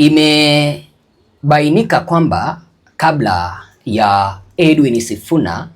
Imebainika kwamba kabla ya Edwin Sifuna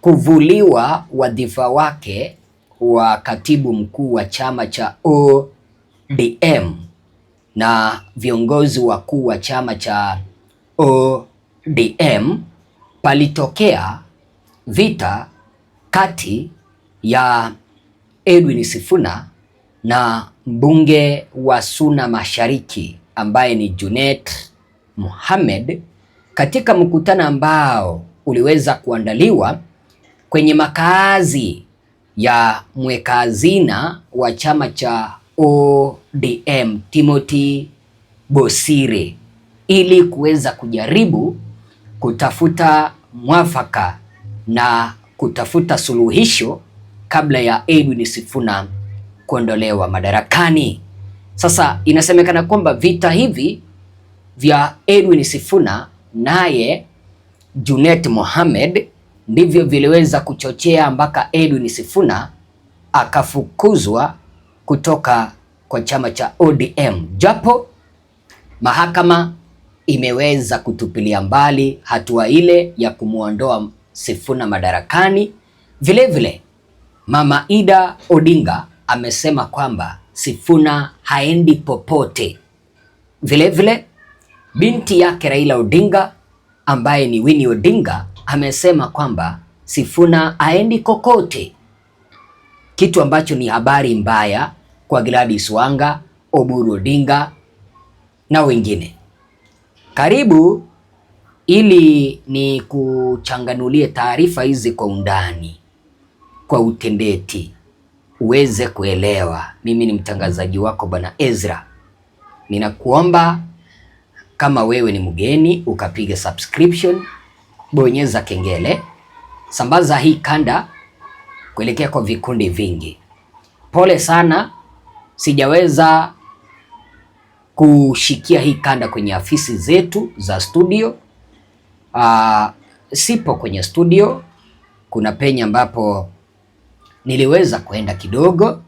kuvuliwa wadhifa wake wa katibu mkuu wa chama cha ODM na viongozi wakuu wa chama cha ODM, palitokea vita kati ya Edwin Sifuna na mbunge wa Suna Mashariki ambaye ni Junet Mohamed katika mkutano ambao uliweza kuandaliwa kwenye makaazi ya mweka hazina wa chama cha ODM Timothy Bosire ili kuweza kujaribu kutafuta mwafaka na kutafuta suluhisho kabla ya Edwin Sifuna kuondolewa madarakani. Sasa inasemekana kwamba vita hivi vya Edwin Sifuna naye Junet Mohamed ndivyo viliweza kuchochea mpaka Edwin Sifuna akafukuzwa kutoka kwa chama cha ODM, japo mahakama imeweza kutupilia mbali hatua ile ya kumwondoa Sifuna madarakani. Vilevile vile, Mama Ida Odinga amesema kwamba Sifuna haendi popote. Vilevile vile, binti yake Raila Odinga ambaye ni Winnie Odinga amesema kwamba Sifuna haendi kokote, kitu ambacho ni habari mbaya kwa Gladys Wanga, Oburu Odinga na wengine. Karibu ili ni kuchanganulie taarifa hizi kwa undani, kwa utendeti uweze kuelewa. Mimi ni mtangazaji wako Bwana Ezra, ninakuomba kama wewe ni mgeni ukapiga subscription, bonyeza kengele, sambaza hii kanda kuelekea kwa vikundi vingi. Pole sana sijaweza kushikia hii kanda kwenye afisi zetu za studio. Aa, ah, sipo kwenye studio, kuna penye ambapo Niliweza kwenda kidogo,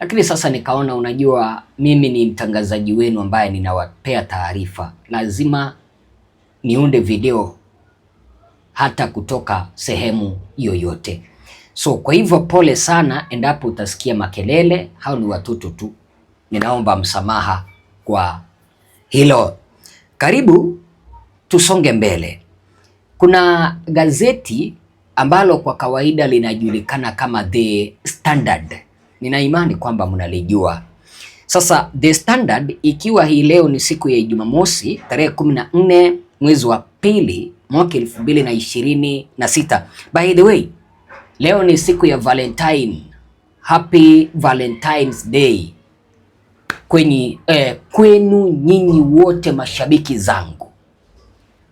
lakini sasa nikaona, unajua mimi ni mtangazaji wenu ambaye ninawapea taarifa, lazima niunde video hata kutoka sehemu yoyote. So kwa hivyo pole sana endapo utasikia makelele, hao ni watoto tu. Ninaomba msamaha kwa hilo. Karibu tusonge mbele. Kuna gazeti ambalo kwa kawaida linajulikana kama The Standard. Nina imani kwamba mnalijua. Sasa The Standard ikiwa hii leo ni siku ya Jumamosi tarehe 14 mwezi wa pili mwaka sita. By the way, leo ni siku ya Valentine. Happy Valentine's Day kwenye eh, kwenu nyinyi wote mashabiki zangu,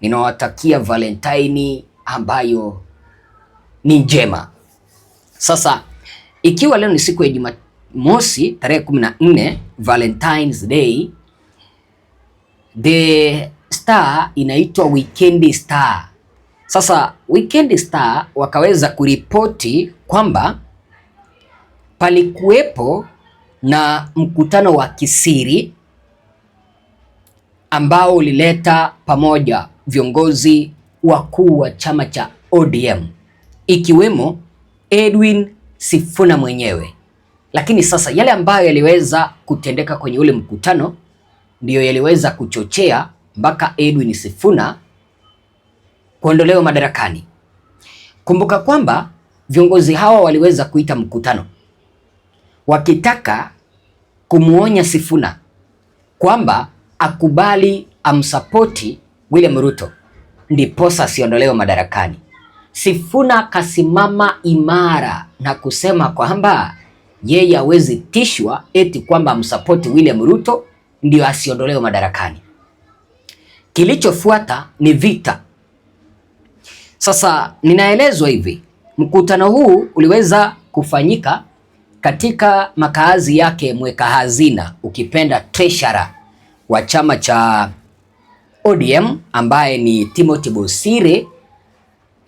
ninawatakia Valentine ambayo ni njema. Sasa ikiwa leo ni siku ya Jumamosi tarehe 14 Valentine's Day, the star inaitwa Weekend Star. Sasa Weekend Star wakaweza kuripoti kwamba palikuwepo na mkutano wa kisiri ambao ulileta pamoja viongozi wakuu wa chama cha ODM ikiwemo Edwin Sifuna mwenyewe. Lakini sasa yale ambayo yaliweza kutendeka kwenye ule mkutano ndiyo yaliweza kuchochea mpaka Edwin Sifuna kuondolewa madarakani. Kumbuka kwamba viongozi hawa waliweza kuita mkutano wakitaka kumuonya Sifuna kwamba akubali amsapoti William Ruto ndiposa asiondolewe madarakani. Sifuna kasimama imara na kusema kwamba yeye hawezi tishwa eti kwamba amsapoti William Ruto ndio asiondolewe madarakani. Kilichofuata ni vita. Sasa ninaelezwa hivi, mkutano huu uliweza kufanyika katika makaazi yake mweka hazina, ukipenda treasurer wa chama cha ODM ambaye ni Timothy Bosire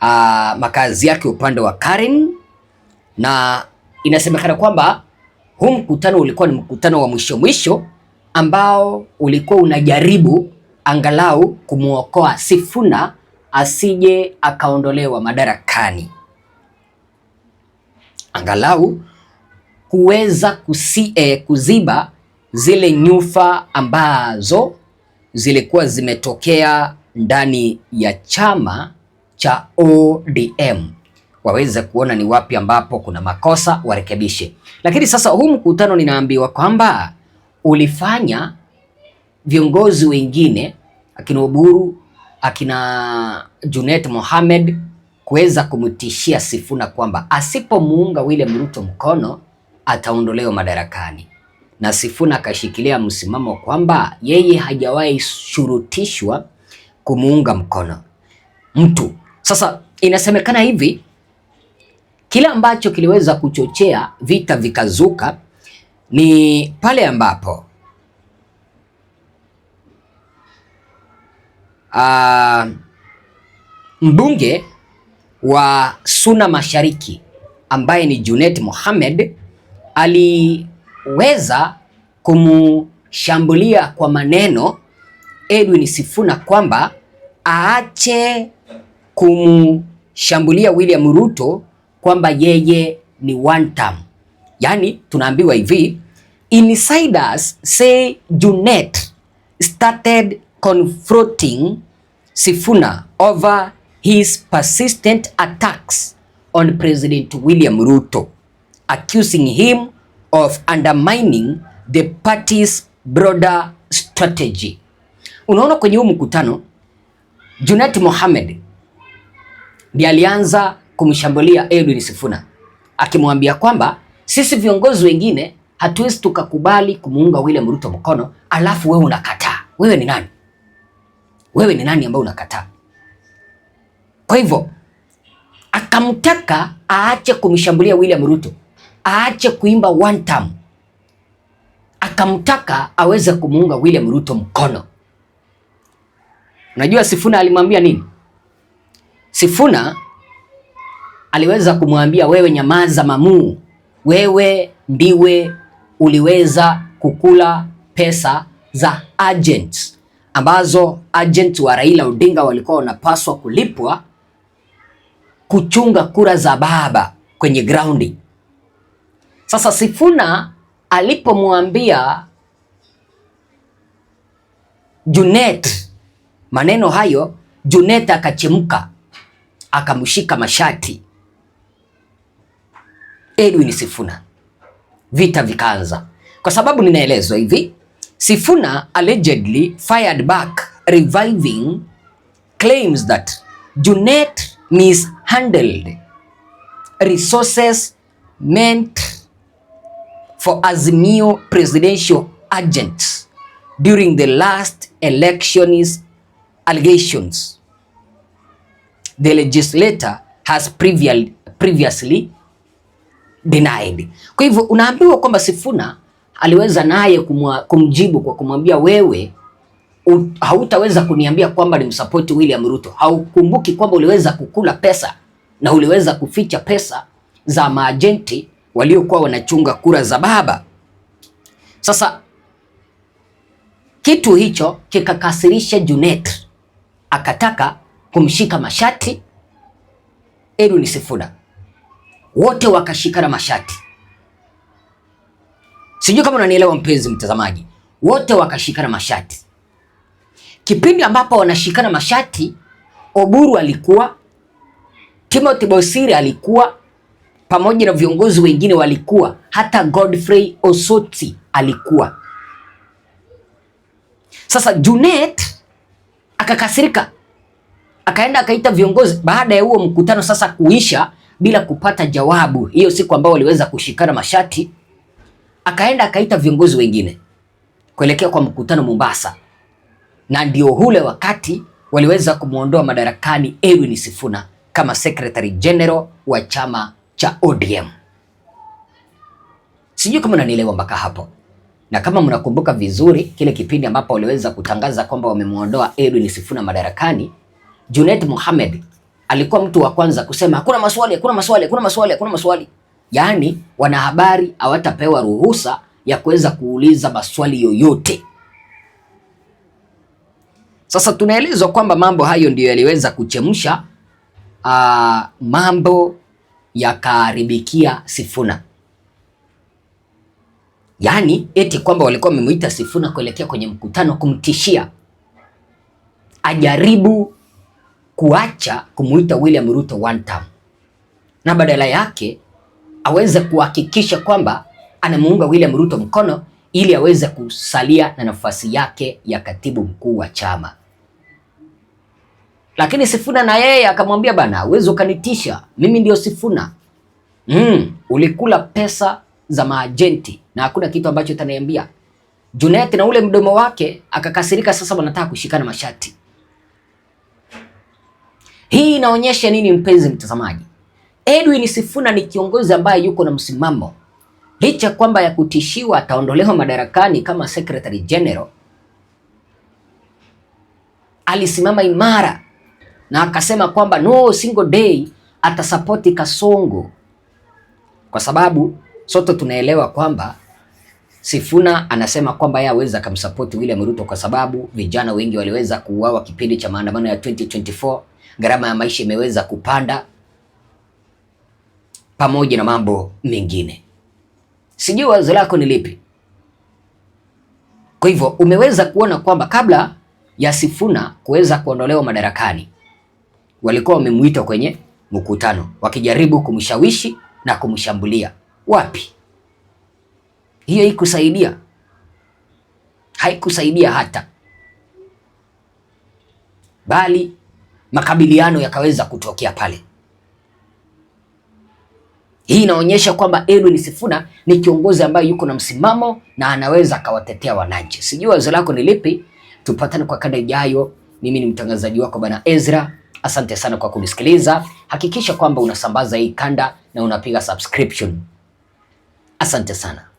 uh, makazi yake upande wa Karen, na inasemekana kwamba huu mkutano ulikuwa ni mkutano wa mwisho mwisho ambao ulikuwa unajaribu angalau kumwokoa Sifuna asije akaondolewa madarakani, angalau kuweza kusi, eh, kuziba zile nyufa ambazo zilikuwa zimetokea ndani ya chama cha ODM waweze kuona ni wapi ambapo kuna makosa warekebishe. Lakini sasa huu mkutano ninaambiwa kwamba ulifanya viongozi wengine akina Oburu akina Junet Mohamed kuweza kumtishia Sifuna kwamba asipomuunga William Ruto mkono ataondolewa madarakani, na Sifuna akashikilia msimamo kwamba yeye hajawahi shurutishwa kumuunga mkono mtu sasa inasemekana hivi, kile ambacho kiliweza kuchochea vita vikazuka ni pale ambapo uh, mbunge wa Suna Mashariki ambaye ni Junet Mohamed aliweza kumshambulia kwa maneno Edwin Sifuna kwamba aache kumshambulia William Ruto kwamba yeye ni one term. Yaani tunaambiwa hivi, insiders say Junet started confronting Sifuna over his persistent attacks on President William Ruto, accusing him of undermining the party's broader strategy. Unaona, kwenye huu mkutano Junet Mohamed ndiye alianza kumshambulia Edwin Sifuna akimwambia kwamba sisi viongozi wengine hatuwezi tukakubali kumuunga William Ruto mkono, alafu wewe unakataa. Wewe ni nani? Wewe ni nani ambaye unakataa? Kwa hivyo akamtaka aache kumshambulia William Ruto, aache kuimba one term, akamtaka aweze kumuunga William Ruto mkono. Unajua Sifuna alimwambia nini? Sifuna aliweza kumwambia wewe, nyamaza Mamuu, wewe ndiwe uliweza kukula pesa za agent ambazo agent wa Raila Odinga walikuwa wanapaswa kulipwa kuchunga kura za baba kwenye graundi. Sasa Sifuna alipomwambia Junet maneno hayo, Junet akachemka akamshika mashati Edwin Sifuna, vita vikaanza, kwa sababu ninaelezwa hivi, Sifuna allegedly fired back reviving claims that Junet mishandled resources meant for Azimio presidential agents during the last elections allegations the legislator has previously denied. Kwa hivyo unaambiwa kwamba Sifuna aliweza naye kumjibu kwa kumwambia wewe u, hautaweza kuniambia kwamba ni msapoti William Ruto. Haukumbuki kwamba uliweza kukula pesa na uliweza kuficha pesa za maajenti waliokuwa wanachunga kura za baba. Sasa kitu hicho kikakasirisha Junet, akataka kumshika mashati Edwin Sifuna, wote wakashikana mashati. Sijui kama unanielewa mpenzi mtazamaji, wote wakashikana mashati. Kipindi ambapo wanashikana mashati, Oburu alikuwa, Timothy Bosiri alikuwa pamoja na viongozi wengine walikuwa, hata Godfrey Osoti alikuwa. Sasa Junet akakasirika akaenda akaita viongozi baada ya huo mkutano sasa kuisha bila kupata jawabu. Hiyo siku ambayo waliweza kushikana mashati, akaenda akaita viongozi wengine kuelekea kwa mkutano Mombasa, na ndio hule wakati waliweza kumwondoa madarakani Edwin Sifuna kama secretary general wa chama cha ODM. Sijui kama unanielewa mpaka hapo, na kama mnakumbuka vizuri kile kipindi ambapo waliweza kutangaza kwamba wamemwondoa Edwin Sifuna madarakani Junet Mohamed alikuwa mtu wa kwanza kusema hakuna maswali, hakuna maswali, hakuna maswali, hakuna maswali. Yaani wanahabari hawatapewa ruhusa ya kuweza kuuliza maswali yoyote. Sasa tunaelezwa kwamba mambo hayo ndiyo yaliweza kuchemsha uh, mambo yakaharibikia Sifuna. Yaani eti kwamba walikuwa wamemuita Sifuna kuelekea kwenye mkutano kumtishia ajaribu kuacha kumuita William Ruto one term na badala yake aweze kuhakikisha kwamba anamuunga William Ruto mkono ili aweze kusalia na nafasi yake ya katibu mkuu wa chama. Lakini Sifuna na yeye akamwambia, bana, uwezi ukanitisha, mimi ndio Sifuna. Mm, ulikula pesa za maajenti na hakuna kitu ambacho utaniambia. Junet na ule mdomo wake akakasirika, sasa wanataka kushikana mashati. Hii inaonyesha nini, mpenzi mtazamaji? Edwin Sifuna ni kiongozi ambaye yuko na msimamo licha kwamba ya kutishiwa ataondolewa madarakani kama Secretary General, alisimama imara na akasema kwamba no single day atasapoti Kasongo kwa sababu sote tunaelewa kwamba Sifuna anasema kwamba yeye aweza akamsapoti William Ruto kwa sababu vijana wengi waliweza kuuawa kipindi cha maandamano ya 2024 gharama ya maisha imeweza kupanda pamoja na mambo mengine. Sijui wazo lako ni lipi? Kwa hivyo umeweza kuona kwamba kabla ya Sifuna kuweza kuondolewa madarakani, walikuwa wamemuita kwenye mkutano wakijaribu kumshawishi na kumshambulia. Wapi? Hiyo ikusaidia haikusaidia hata bali makabiliano yakaweza kutokea pale. Hii inaonyesha kwamba Edwin Sifuna ni kiongozi ambaye yuko na msimamo na anaweza akawatetea wananchi. Sijui wazo lako ni lipi? Tupatane kwa kanda ijayo. Mimi ni mtangazaji wako Bwana Ezra. Asante sana kwa kunisikiliza. Hakikisha kwamba unasambaza hii kanda na unapiga subscription. Asante sana.